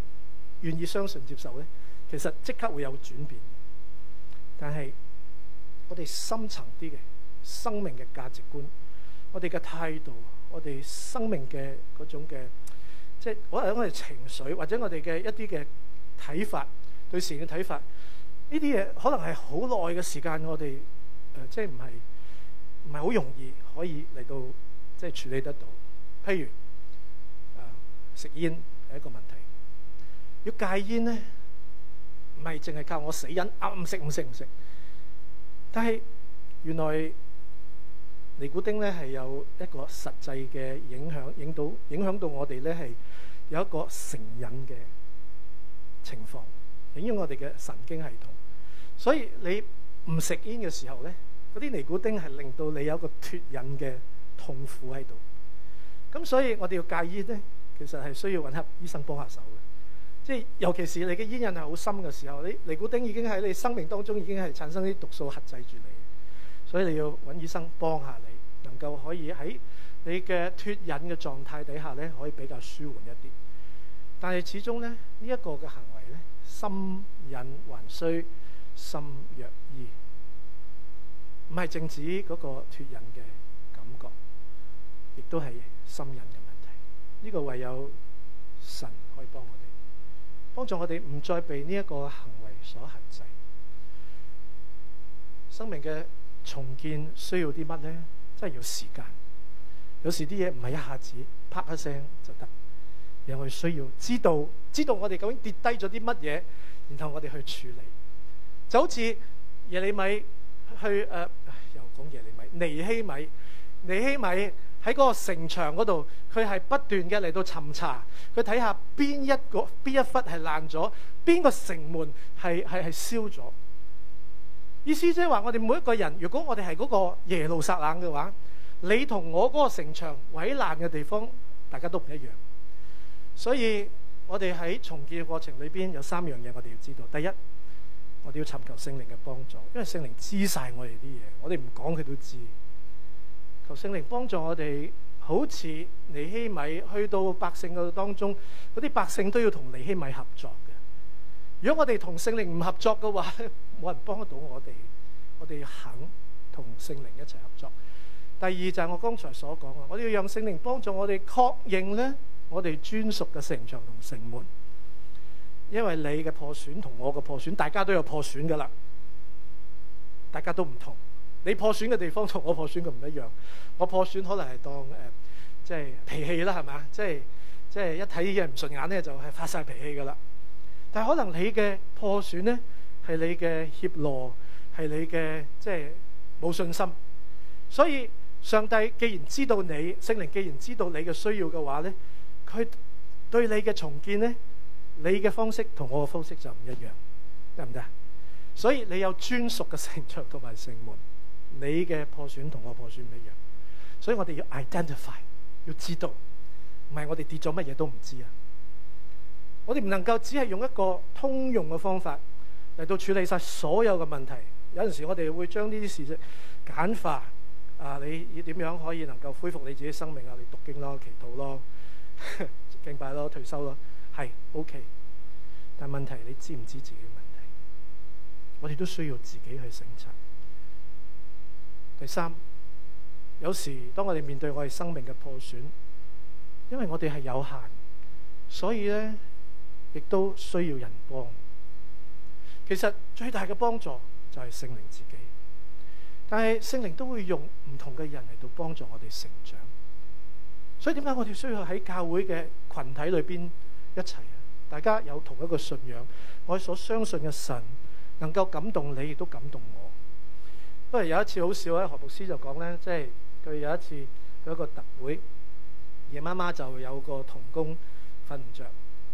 願意相信接受咧，其實即刻會有轉變，但係我哋深層啲嘅生命嘅價值觀，我哋嘅態度，我哋生命嘅嗰種嘅，即係我覺得我哋情緒或者我哋嘅一啲嘅睇法對事嘅睇法，呢啲嘢可能係好耐嘅時間，我哋誒、呃、即係唔係唔係好容易可以嚟到即係處理得到。譬如誒、呃、食煙係一個問題，要戒煙咧。唔係淨係靠我死忍唔食唔食唔食，但係原來尼古丁咧係有一個實際嘅影響影到影響到我哋咧係有一個成癮嘅情況影響我哋嘅神經系統，所以你唔食煙嘅時候咧，啲尼古丁係令到你有一個脫癮嘅痛苦喺度。咁所以，我哋要戒煙咧，其實係需要揾下醫生幫下手。即係尤其是你嘅煙癮係好深嘅時候，你尼古丁已經喺你生命當中已經係產生啲毒素，克制住你，所以你要揾醫生幫下你，能夠可以喺你嘅脫癮嘅狀態底下咧，可以比較舒緩一啲。但係始終咧，呢一個嘅行為咧，心癮還需心藥醫，唔係淨止嗰個脫癮嘅感覺，亦都係心癮嘅問題。呢個唯有神可以幫我哋。幫助我哋唔再被呢一個行為所限制。生命嘅重建需要啲乜咧？真係要時間。有時啲嘢唔係一下子啪一聲就得，因為需要知道知道我哋究竟跌低咗啲乜嘢，然後我哋去處理。就好似耶利米去誒、呃，又講耶利米，尼希米，尼希米。喺嗰個城牆嗰度，佢係不斷嘅嚟到巡查，佢睇下邊一個、邊一忽係爛咗，邊個城門係係係燒咗。意思即係話，我哋每一個人，如果我哋係嗰個耶路撒冷嘅話，你同我嗰個城牆毀爛嘅地方，大家都唔一樣。所以我哋喺重建嘅過程裏邊有三樣嘢，我哋要知道。第一，我哋要尋求聖靈嘅幫助，因為聖靈知晒我哋啲嘢，我哋唔講佢都知。求聖靈幫助我哋，好似尼希米去到百姓嘅當中，嗰啲百姓都要同尼希米合作嘅。如果我哋同聖靈唔合作嘅話，冇人幫得到我哋。我哋要肯同聖靈一齊合作。第二就係我剛才所講嘅，我哋要讓聖靈幫助我哋確認咧，我哋專屬嘅城牆同城門。因為你嘅破損同我嘅破損，大家都有破損㗎喇，大家都唔同。你破損嘅地方同我破損嘅唔一樣。我破損可能係當誒即係脾氣啦，係咪？即係即係一睇嘢唔順眼咧，就係、是就是就是、發晒脾氣噶啦。但係可能你嘅破損咧係你嘅怯懦，係你嘅即係冇信心。所以上帝既然知道你聖靈，聖靈既然知道你嘅需要嘅話咧，佢對你嘅重建咧，你嘅方式同我嘅方式就唔一樣，得唔得？所以你有專屬嘅城牆同埋城門。你嘅破損同我破損唔一樣，所以我哋要 identify，要知道，唔係我哋跌咗乜嘢都唔知啊！我哋唔能夠只係用一個通用嘅方法嚟到處理晒所有嘅問題。有陣時我哋會將呢啲事情簡化啊！你要點樣可以能夠恢復你自己的生命啊？你讀經咯，祈禱咯， 敬拜咯，退休咯，係 OK。但問題你知唔知自己的問題？我哋都需要自己去審察。第三，有時當我哋面對我哋生命嘅破損，因為我哋係有限，所以咧亦都需要人幫。其實最大嘅幫助就係聖靈自己，但係聖靈都會用唔同嘅人嚟到幫助我哋成長。所以點解我哋需要喺教會嘅群體裏面一齊啊？大家有同一個信仰，我哋所相信嘅神能夠感動你，亦都感動我。不過有一次好笑咧，何牧師就講咧，即係佢有一次佢一個特會，夜媽媽就有個童工瞓唔着，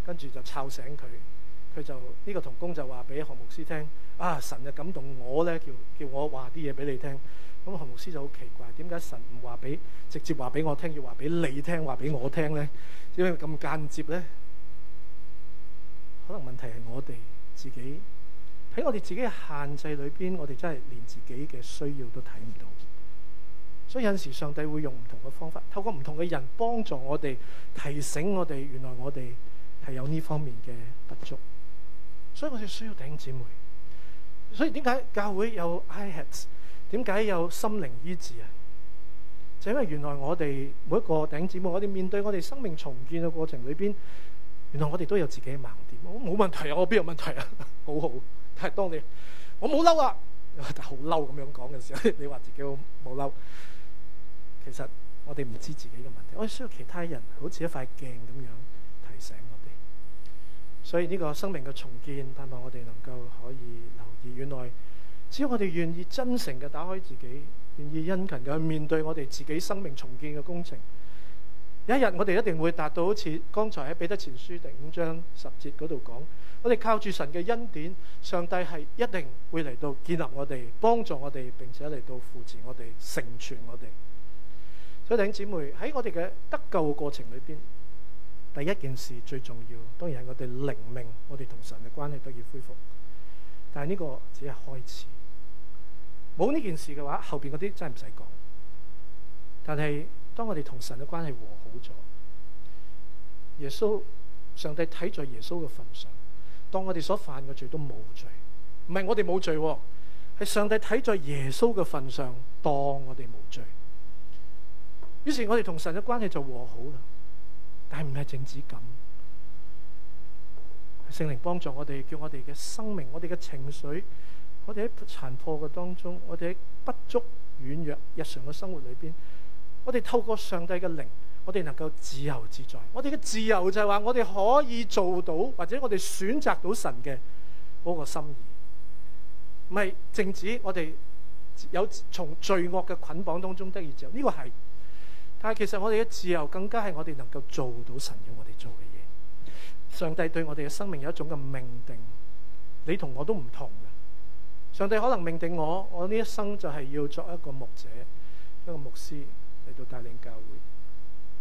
跟住就吵醒佢，佢就呢個童工就話俾何牧師聽，啊神就感動我咧，叫叫我話啲嘢俾你聽。咁何牧師就好奇怪，點解神唔話俾直接話俾我聽，要話俾你聽，話俾我聽咧？點解咁間接咧，可能問題係我哋自己。喺我哋自己嘅限制裏邊，我哋真係連自己嘅需要都睇唔到，所以有陣時上帝會用唔同嘅方法，透過唔同嘅人幫助我哋，提醒我哋原來我哋係有呢方面嘅不足，所以我哋需要頂姊妹。所以點解教會有 i h a t s？點解有心靈醫治啊？就是因為原來我哋每一個頂姊妹，我哋面對我哋生命重建嘅過程裏邊，原來我哋都有自己嘅盲點。我冇問題啊，我邊有問題啊？ 好好。係當年，我冇嬲啊！我好嬲咁樣講嘅時候，你話自己冇嬲，其實我哋唔知自己嘅問題。我哋需要其他人好似一塊鏡咁樣提醒我哋。所以呢個生命嘅重建，盼望我哋能夠可以留意，原來只要我哋願意真誠嘅打開自己，願意殷勤嘅去面對我哋自己生命重建嘅工程。有一日我哋一定會達到好似剛才喺彼得前書第五章十節嗰度講，我哋靠住神嘅恩典，上帝係一定會嚟到建立我哋，幫助我哋，並且嚟到扶持我哋，成全我哋。所以弟兄姊妹喺我哋嘅得救過程裏邊，第一件事最重要，當然係我哋靈命，我哋同神嘅關係得以恢復。但係呢個只係開始，冇呢件事嘅話，後邊嗰啲真係唔使講。但係。當我哋同神嘅關係和好咗，耶穌，上帝睇在耶穌嘅份上，當我哋所犯嘅罪都冇罪，唔係我哋冇罪，哦，係上帝睇在耶穌嘅份上，當我哋冇罪。於是我哋同神嘅關係就和好啦，但係唔係淨止咁，聖靈幫助我哋，叫我哋嘅生命，我哋嘅情緒，我哋喺殘破嘅當中，我哋喺不足軟弱日常嘅生活裏邊。我哋透過上帝嘅靈，我哋能夠自由自在。我哋嘅自由就係話，我哋可以做到，或者我哋選擇到神嘅嗰個心意，唔係淨止我哋有從罪惡嘅捆綁當中得以自由。呢個係，但係其實我哋嘅自由更加係我哋能夠做到神要我哋做嘅嘢。上帝對我哋嘅生命有一種嘅命定，你同我都唔同嘅。上帝可能命定我，我呢一生就係要做一個牧者，一個牧師。嚟到帶領教會，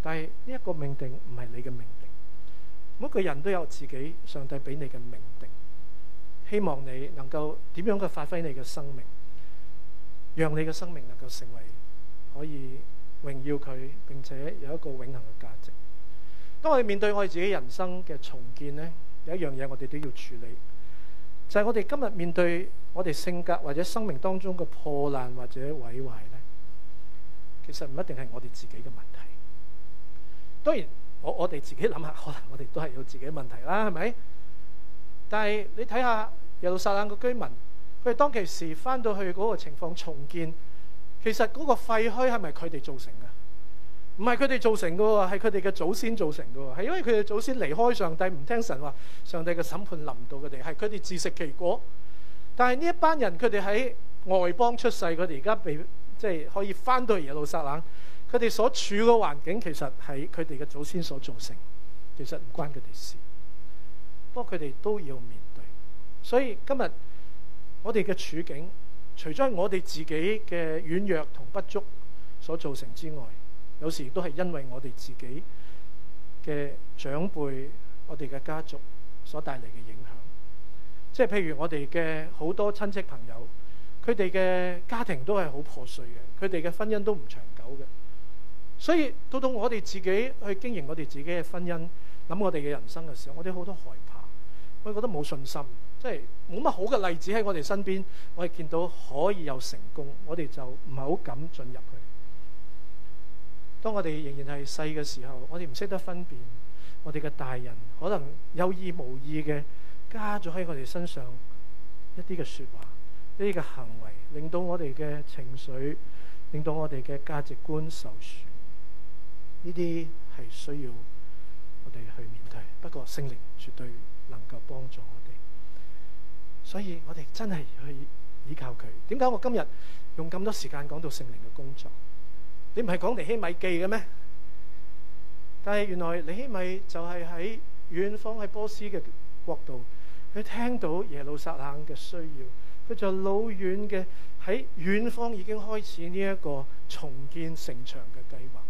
但係呢一個命定唔係你嘅命定，每個人都有自己上帝俾你嘅命定。希望你能夠點樣去發揮你嘅生命，讓你嘅生命能夠成為可以榮耀佢，並且有一個永恒嘅價值。當我哋面對我哋自己人生嘅重建咧，有一樣嘢我哋都要處理，就係我哋今日面對我哋性格或者生命當中嘅破爛或者毀壞。其實唔一定係我哋自己嘅問題。當然，我我哋自己諗下，可能我哋都係有自己的問題啦，係咪？但係你睇下耶路撒冷嘅居民，佢哋當其時翻到去嗰個情況重建，其實嗰個廢墟係咪佢哋造成嘅？唔係佢哋造成嘅喎，係佢哋嘅祖先造成嘅喎，係因為佢哋祖先離開上帝，唔聽神話，上帝嘅審判臨到佢哋，係佢哋自食其果。但係呢一班人，佢哋喺外邦出世，佢哋而家被。即係可以翻到耶路撒冷，佢哋所處嘅環境其實係佢哋嘅祖先所造成，其實唔關佢哋事。不過佢哋都要面對，所以今日我哋嘅處境，除咗我哋自己嘅軟弱同不足所造成之外，有時都係因為我哋自己嘅長輩，我哋嘅家族所帶嚟嘅影響，即係譬如我哋嘅好多親戚朋友。佢哋嘅家庭都係好破碎嘅，佢哋嘅婚姻都唔長久嘅。所以到到我哋自己去經營我哋自己嘅婚姻，諗我哋嘅人生嘅時候，我哋好多害怕，我哋覺得冇信心，即係冇乜好嘅例子喺我哋身邊，我哋見到可以有成功，我哋就唔係好敢進入去。當我哋仍然係細嘅時候，我哋唔識得分辨，我哋嘅大人可能有意無意嘅加咗喺我哋身上一啲嘅說話。呢個行為令到我哋嘅情緒，令到我哋嘅價值觀受損。呢啲係需要我哋去面對。不過聖靈絕對能夠幫助我哋，所以我哋真係去依靠佢。點解我今日用咁多時間講到聖靈嘅工作？你唔係講尼希米記嘅咩？但係原來尼希米就係喺遠方喺波斯嘅國度，佢聽到耶路撒冷嘅需要。佢就老遠嘅喺遠方已經開始呢一個重建城牆嘅計劃。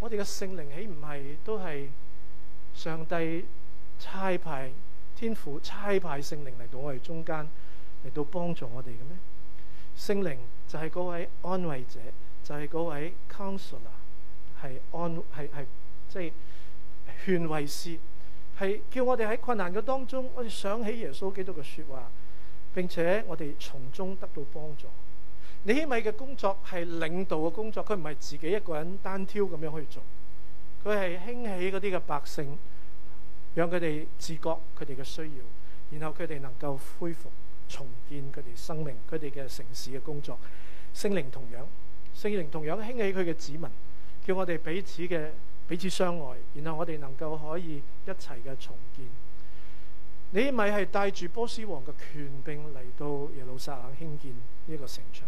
我哋嘅聖靈豈唔係都係上帝差派，天父差派聖靈嚟到我哋中間，嚟到幫助我哋嘅咩？聖靈就係嗰位安慰者，就係、是、嗰位 counselor，係安係係即係勸慰師，係叫我哋喺困難嘅當中，我哋想起耶穌基督嘅說話。並且我哋從中得到幫助。尼希米嘅工作係領導嘅工作，佢唔係自己一個人單挑咁樣去做，佢係興起嗰啲嘅百姓，讓佢哋自覺佢哋嘅需要，然後佢哋能夠恢復重建佢哋生命、佢哋嘅城市嘅工作。聖靈同樣，聖靈同樣興起佢嘅子民，叫我哋彼此嘅彼此相愛，然後我哋能夠可以一齊嘅重建。你咪係帶住波斯王嘅權柄嚟到耶路撒冷興建呢個城牆。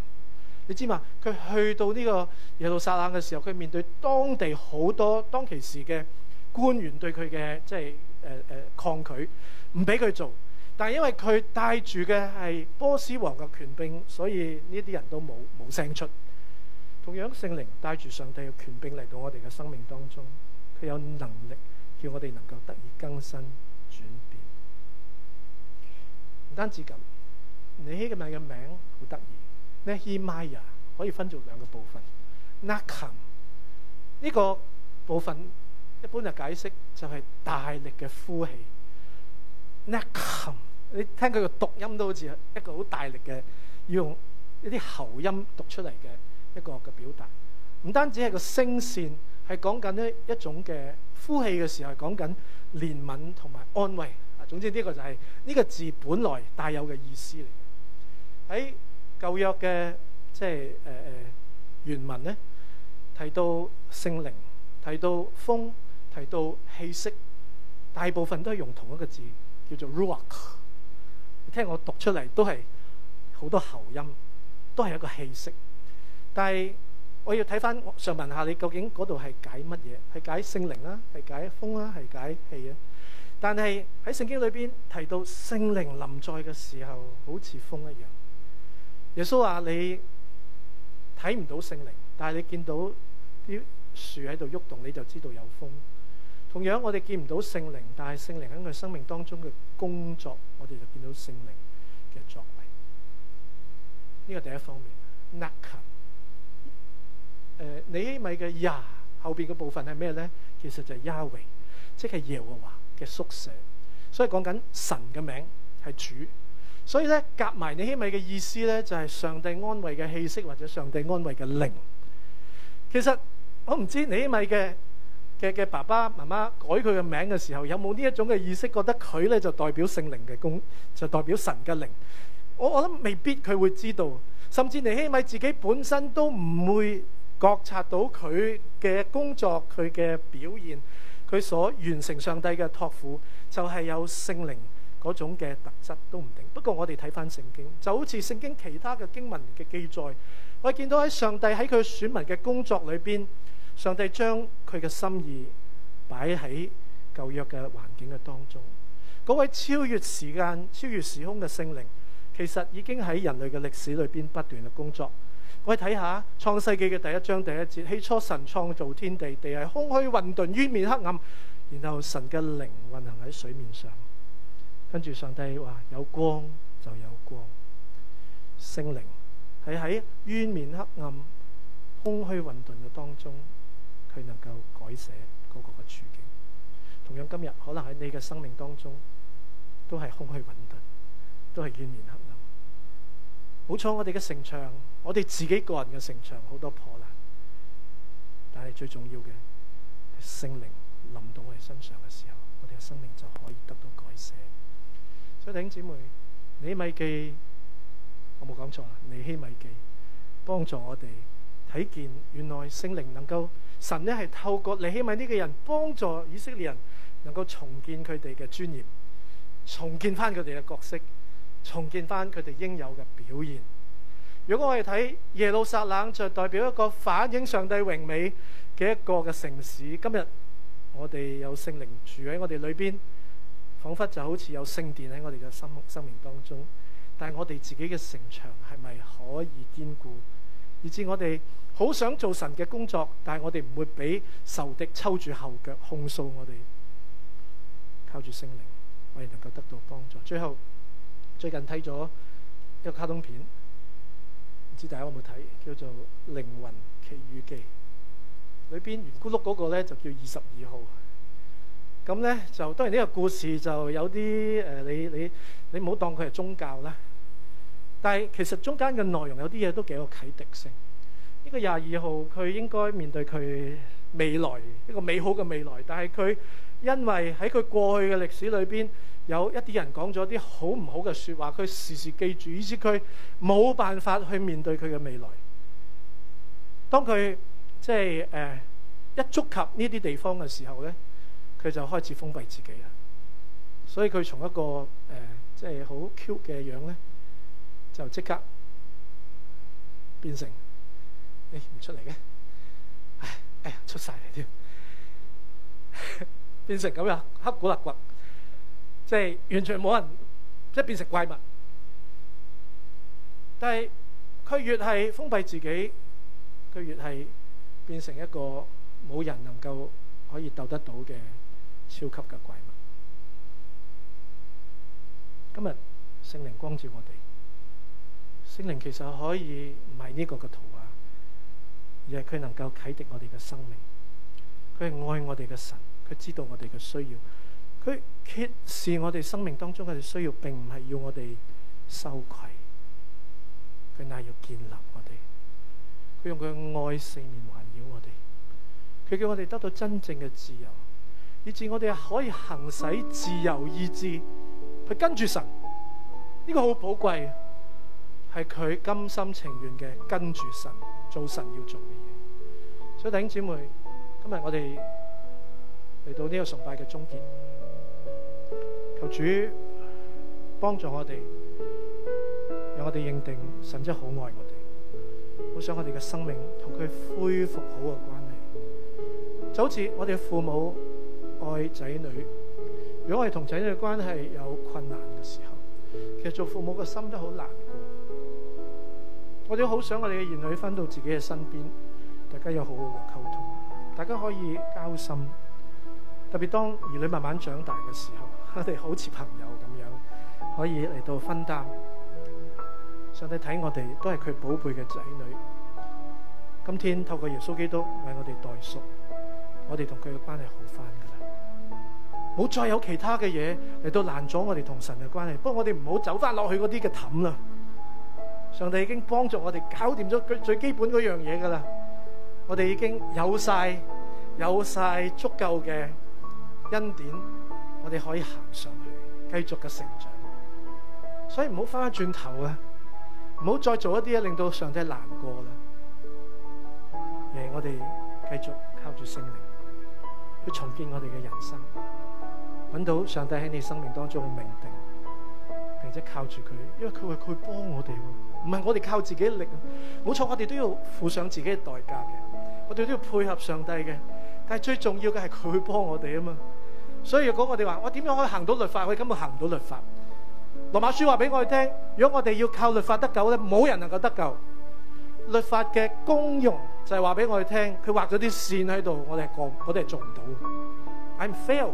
你知嘛？佢去到呢個耶路撒冷嘅時候，佢面對當地好多當其時嘅官員對佢嘅即係誒誒抗拒，唔俾佢做。但係因為佢帶住嘅係波斯王嘅權柄，所以呢啲人都冇冇聲出。同樣，聖靈帶住上帝嘅權柄嚟到我哋嘅生命當中，佢有能力叫我哋能夠得以更新轉。轉唔單止咁，你希伯來嘅名好得意。n h 呢希瑪雅可以分做兩個部分。nakham 呢個部分一般就解釋就係大力嘅呼氣。nakham 你聽佢嘅讀音都好似一個好大力嘅，要用一啲喉音讀出嚟嘅一個嘅表達。唔單止係個聲線，係講緊呢一種嘅呼氣嘅時候，講緊憐憫同埋安慰。總之呢個就係呢個字本來帶有嘅意思嚟嘅。喺舊約嘅即係誒誒原文咧，提到聖靈，提到風，提到氣息，大部分都係用同一個字叫做 ruach。你聽我讀出嚟都係好多喉音，都係一個氣息。但係我要睇返，我想問下你究竟嗰度係解乜嘢？係解聖靈啊？係解風啊？係解氣啊？但係喺聖經裏邊提到聖靈臨在嘅時候，好似風一樣。耶穌話：你睇唔到聖靈，但係你見到啲樹喺度喐動，你就知道有風。同樣，我哋見唔到聖靈，但係聖靈喺佢生命當中嘅工作，我哋就見到聖靈嘅作為。呢個第一方面。厄琴，誒，你咪嘅「呀」後邊嘅部分係咩咧？其實就係亞維，即係耶和華。嘅宿舍，所以講緊神嘅名係主，所以咧夾埋尼希米嘅意思咧，就係上帝安慰嘅氣息或者上帝安慰嘅靈。其實我唔知尼希米嘅嘅嘅爸爸媽媽改佢嘅名嘅時候，有冇呢一種嘅意識，覺得佢咧就代表聖靈嘅工，就代表神嘅靈。我我覺得未必佢會知道，甚至尼希米自己本身都唔會覺察到佢嘅工作，佢嘅表現。佢所完成上帝嘅託付，就係有聖靈嗰種嘅特質都唔定。不過我哋睇翻聖經，就好似聖經其他嘅經文嘅記載，我見到喺上帝喺佢選民嘅工作裏邊，上帝將佢嘅心意擺喺舊約嘅環境嘅當中。嗰位超越時間、超越時空嘅聖靈，其實已經喺人類嘅歷史裏邊不斷嘅工作。我哋睇下創世紀嘅第一章第一節，起初神創造天地，地係空虛混沌，淵面黑暗。然後神嘅靈運行喺水面上，跟住上帝話有光就有光，聖靈係喺淵面黑暗、空虛混沌嘅當中，佢能夠改寫嗰個嘅處境。同樣今日可能喺你嘅生命當中，都係空虛混沌，都係淵面黑暗。冇錯，我哋嘅城牆，我哋自己個人嘅城牆好多破爛，但係最重要嘅，聖靈臨到我哋身上嘅時候，我哋嘅生命就可以得到改寫。所以弟兄姊妹，尼希米記，我冇講錯啊，尼希米記幫助我哋睇見原來聖靈能夠，神呢係透過尼希米呢個人幫助以色列人能夠重建佢哋嘅尊嚴，重建翻佢哋嘅角色。重建翻佢哋應有嘅表現。如果我哋睇耶路撒冷，就代表一個反映上帝榮美嘅一個嘅城市。今日我哋有聖靈住喺我哋裏邊，彷彿就好似有聖殿喺我哋嘅心生命當中。但係我哋自己嘅城牆係咪可以堅固？以至我哋好想做神嘅工作，但係我哋唔會俾仇敵抽住後腳控訴我哋。靠住聖靈，我哋能夠得到幫助。最後。最近睇咗一個卡通片，唔知大家有冇睇，叫做《靈魂奇遇記》。裏邊圓咕碌嗰個咧就叫二十二號。咁咧就當然呢個故事就有啲誒、呃，你你你唔好當佢係宗教啦。但係其實中間嘅內容有啲嘢都幾有啟迪性。呢、呢個廿二號佢應該面對佢未來一個美好嘅未來，但係佢因為喺佢過去嘅歷史裏邊。有一啲人講咗啲好唔好嘅說話，佢時時記住，以至佢冇辦法去面對佢嘅未來。當佢即係誒一觸及呢啲地方嘅時候咧，佢就開始封閉自己啦。所以佢從一個誒即係好 Q 嘅樣咧，就即刻變成誒唔出嚟嘅，唉哎呀出晒嚟添，變成咁樣黑古立骨。即係完全冇人，即係變成怪物。但係佢越係封閉自己，佢越係變成一個冇人能夠可以鬥得到嘅超級嘅怪物。今日聖靈光照我哋，聖靈其實可以唔係呢個嘅圖畫，而係佢能夠啟迪我哋嘅生命。佢係愛我哋嘅神，佢知道我哋嘅需要。佢揭示我哋生命當中嘅需要，並唔係要我哋羞愧，佢乃要建立我哋。佢用佢嘅愛四面環繞我哋，佢叫我哋得到真正嘅自由，以至我哋可以行使自由意志去跟住神。呢個好寶貴，係佢甘心情願嘅跟住神做神要做嘅嘢。所以，弟兄姊妹，今日我哋嚟到呢個崇拜嘅終結。求主幫助我哋，讓我哋認定神真好愛我哋。好想我哋嘅生命同佢恢復好嘅關係，就好似我哋父母愛仔女。如果我哋同仔女嘅關係有困難嘅時候，其實做父母嘅心都好難過。我哋好想我哋嘅兒女返到自己嘅身邊，大家要好好嘅溝通，大家可以交心。特別當兒女慢慢長大嘅時候。我哋好似朋友咁樣，可以嚟到分擔。上帝睇我哋都係佢寶貝嘅仔女。今天透過耶穌基督為我哋代贖，我哋同佢嘅關係好翻噶啦。冇再有其他嘅嘢嚟到攔阻我哋同神嘅關係。不過我哋唔好走翻落去嗰啲嘅氹啦。上帝已經幫助我哋搞掂咗佢最基本嗰樣嘢噶啦。我哋已經有晒有晒足夠嘅恩典。我哋可以行上去，繼續嘅成長。所以唔好翻翻轉頭啊，唔好再做一啲令到上帝難過啦。誒，我哋繼續靠住聖靈去重建我哋嘅人生，揾到上帝喺你生命當中嘅命定，並且靠住佢，因為佢話佢幫我哋，唔係我哋靠自己力。冇錯，我哋都要付上自己嘅代價嘅，我哋都要配合上帝嘅。但係最重要嘅係佢幫我哋啊嘛。所以如果我哋話我點樣可以行到律法，我哋根本行唔到律法。羅馬書話俾我哋聽，如果我哋要靠律法得救咧，冇人能夠得救。律法嘅功用就係話俾我哋聽，佢畫咗啲線喺度，我哋係過，我哋係做唔到。I'm failed。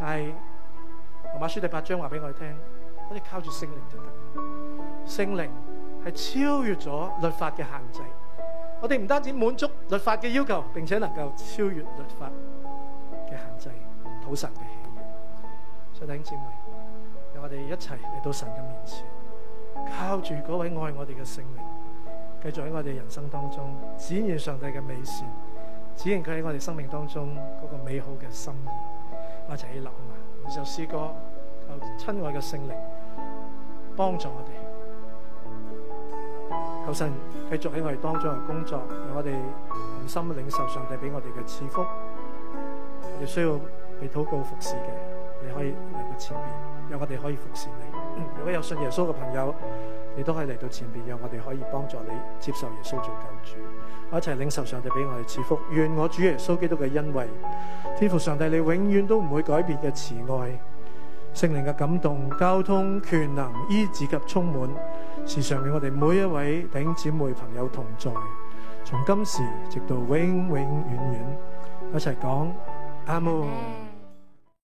但係羅馬書第八章話俾我哋聽，我哋靠住聖靈就得。聖靈係超越咗律法嘅限制。我哋唔單止滿足律法嘅要求，並且能夠超越律法。好神嘅喜悅，所以弟兄姊妹，讓我哋一齊嚟到神嘅面前，靠住嗰位愛我哋嘅聖靈，繼續喺我哋人生當中展現上帝嘅美善，展現佢喺我哋生命當中嗰個美好嘅心意。我一齊去諗啊，首詩歌，靠親愛嘅聖靈幫助我哋，求神繼續喺我哋當中嘅工作，讓我哋用心領受上帝俾我哋嘅賜福。我哋需要。被禱告服侍嘅，你可以嚟到前面，讓我哋可以服侍你。 如果有信耶穌嘅朋友，你都可以嚟到前面，讓我哋可以幫助你接受耶穌做救主。我一齊領受上帝俾我哋賜福，願我主耶穌基督嘅恩惠、天父上帝你永遠都唔會改變嘅慈愛、聖靈嘅感動、交通、權能、醫治及充滿，時常與我哋每一位弟兄姊妹朋友同在，從今時直到永永遠遠，遠。一齊講阿門。Okay.